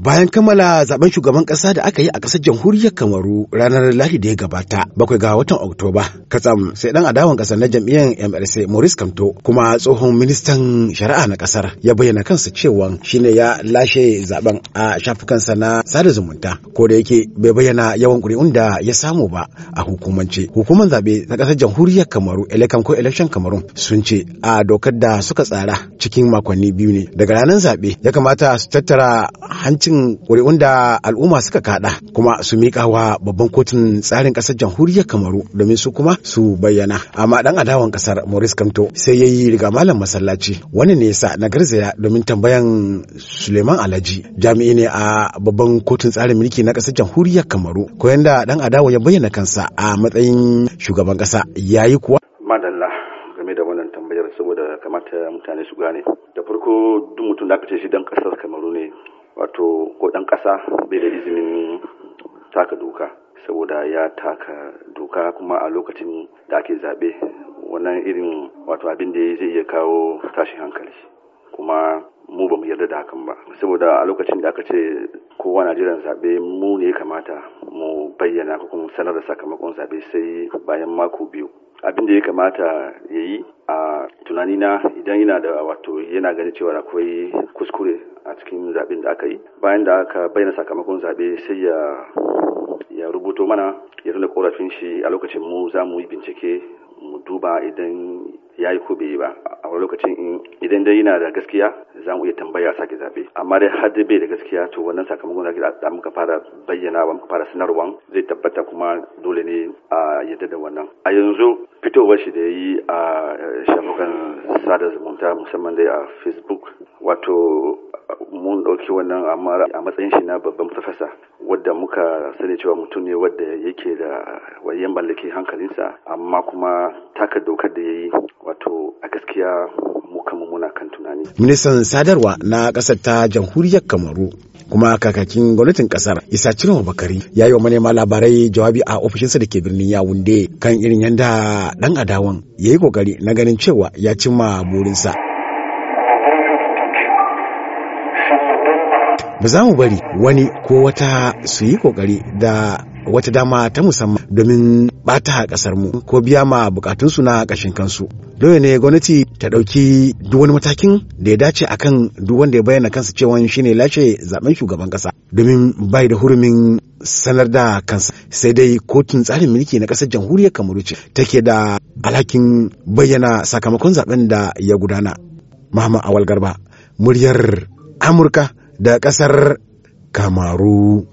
bayan kammala zaben shugaban kasa da aka yi a kasar jamhuriyar kamaru ranar lahadi da ya gabata bakwai ga watan oktoba katsam sai dan adawan kasar na jam'iyyar mrc maurice kamto kuma tsohon ministan shari'a na kasar ya bayyana kansa cewa shine ya lashe zaben a shafukansa na sada zumunta ko da yake bai bayyana yawan kuri'un da ya samu ba a hukumance hukumar zaɓe na kasar jamhuriyar kamaru elekan ko election kamarun sun ce a dokar da suka tsara cikin makonni biyu ne daga ranar zaɓe ya kamata su tattara hanci. kwamitin ƙuri'un da al'umma suka kada kuma su miƙa wa babban kotun tsarin ƙasar jamhuriyar kamaru domin su kuma su bayyana amma dan adawan kasar maurice kamto sai ya yi riga malam masallaci wani ne yasa na garzaya domin tambayan suleiman alhaji jami'i ne a babban kotun tsarin mulki na ƙasar jamhuriyar kamaru ko yanda dan adawa ya bayyana kansa a matsayin shugaban ƙasa yi kuwa madalla game da wannan tambayar saboda kamata mutane su gane da farko duk mutum da aka ce shi dan kasar kamaru ne wato ko ɗan ƙasa bai da izinin taka doka saboda ya taka doka kuma a lokacin da ake zaɓe wannan irin wato abin da zai iya kawo tashin hankali kuma mu ba mu yarda da hakan ba saboda a lokacin da aka ce kowa na jiran zaɓe mu ne ya kamata mu bayyana ko kuma sanar da sakamakon zaɓe sai bayan mako biyu abin da ya kamata ya yi a tunanina idan yana da wato yana ganin cewa akwai kuskure a cikin zaɓen da aka yi bayan da aka bayyana sakamakon zaɓe sai ya ya rubuto mana ya nuna korafin shi a lokacin mu za mu yi bincike mu duba idan ya yi ko bai yi ba a wani lokacin idan dai yana da gaskiya za mu iya tambaya sake zaɓe amma dai har da bai da gaskiya to wannan sakamakon da muka fara bayyana muka fara sanarwa zai tabbata kuma dole ne a yadda da wannan a yanzu fitowar shi da yi a eh, shafukan sada zumunta musamman dai a facebook wato mun ɗauki wannan amma a matsayin shi na babban farfasa wadda muka sani cewa mutum ne wadda yake da wayan mallake hankalinsa amma kuma taka dokar da ya yi wato a gaskiya muka muna kan tunani. Ministan sadarwa na ƙasar ta jamhuriyar Kamaru kuma kakakin gwamnatin kasar isa cire bakari ya yi wa manema labarai jawabi a ofishinsa da ke birnin yawunde kan irin yadda dan adawan ya yi kokari na ganin cewa ya cimma burinsa. ba za mu bari wani ko wata su yi kokari da wata dama ta musamman domin bata kasar mu ko biya ma bukatunsu na kashin kansu dole ne gwamnati ta ɗauki duk wani matakin da ya dace akan duk wanda ya bayyana kansa cewa shine lashe zaben shugaban kasa domin bai da hurumin sanar da kansa sai dai kotun tsarin mulki na ƙasar jamhuriyar kamaru ce take da alhakin bayyana sakamakon zaben da ya gudana Muhammad Awal Garba, muryar Amurka da ƙasar kamaru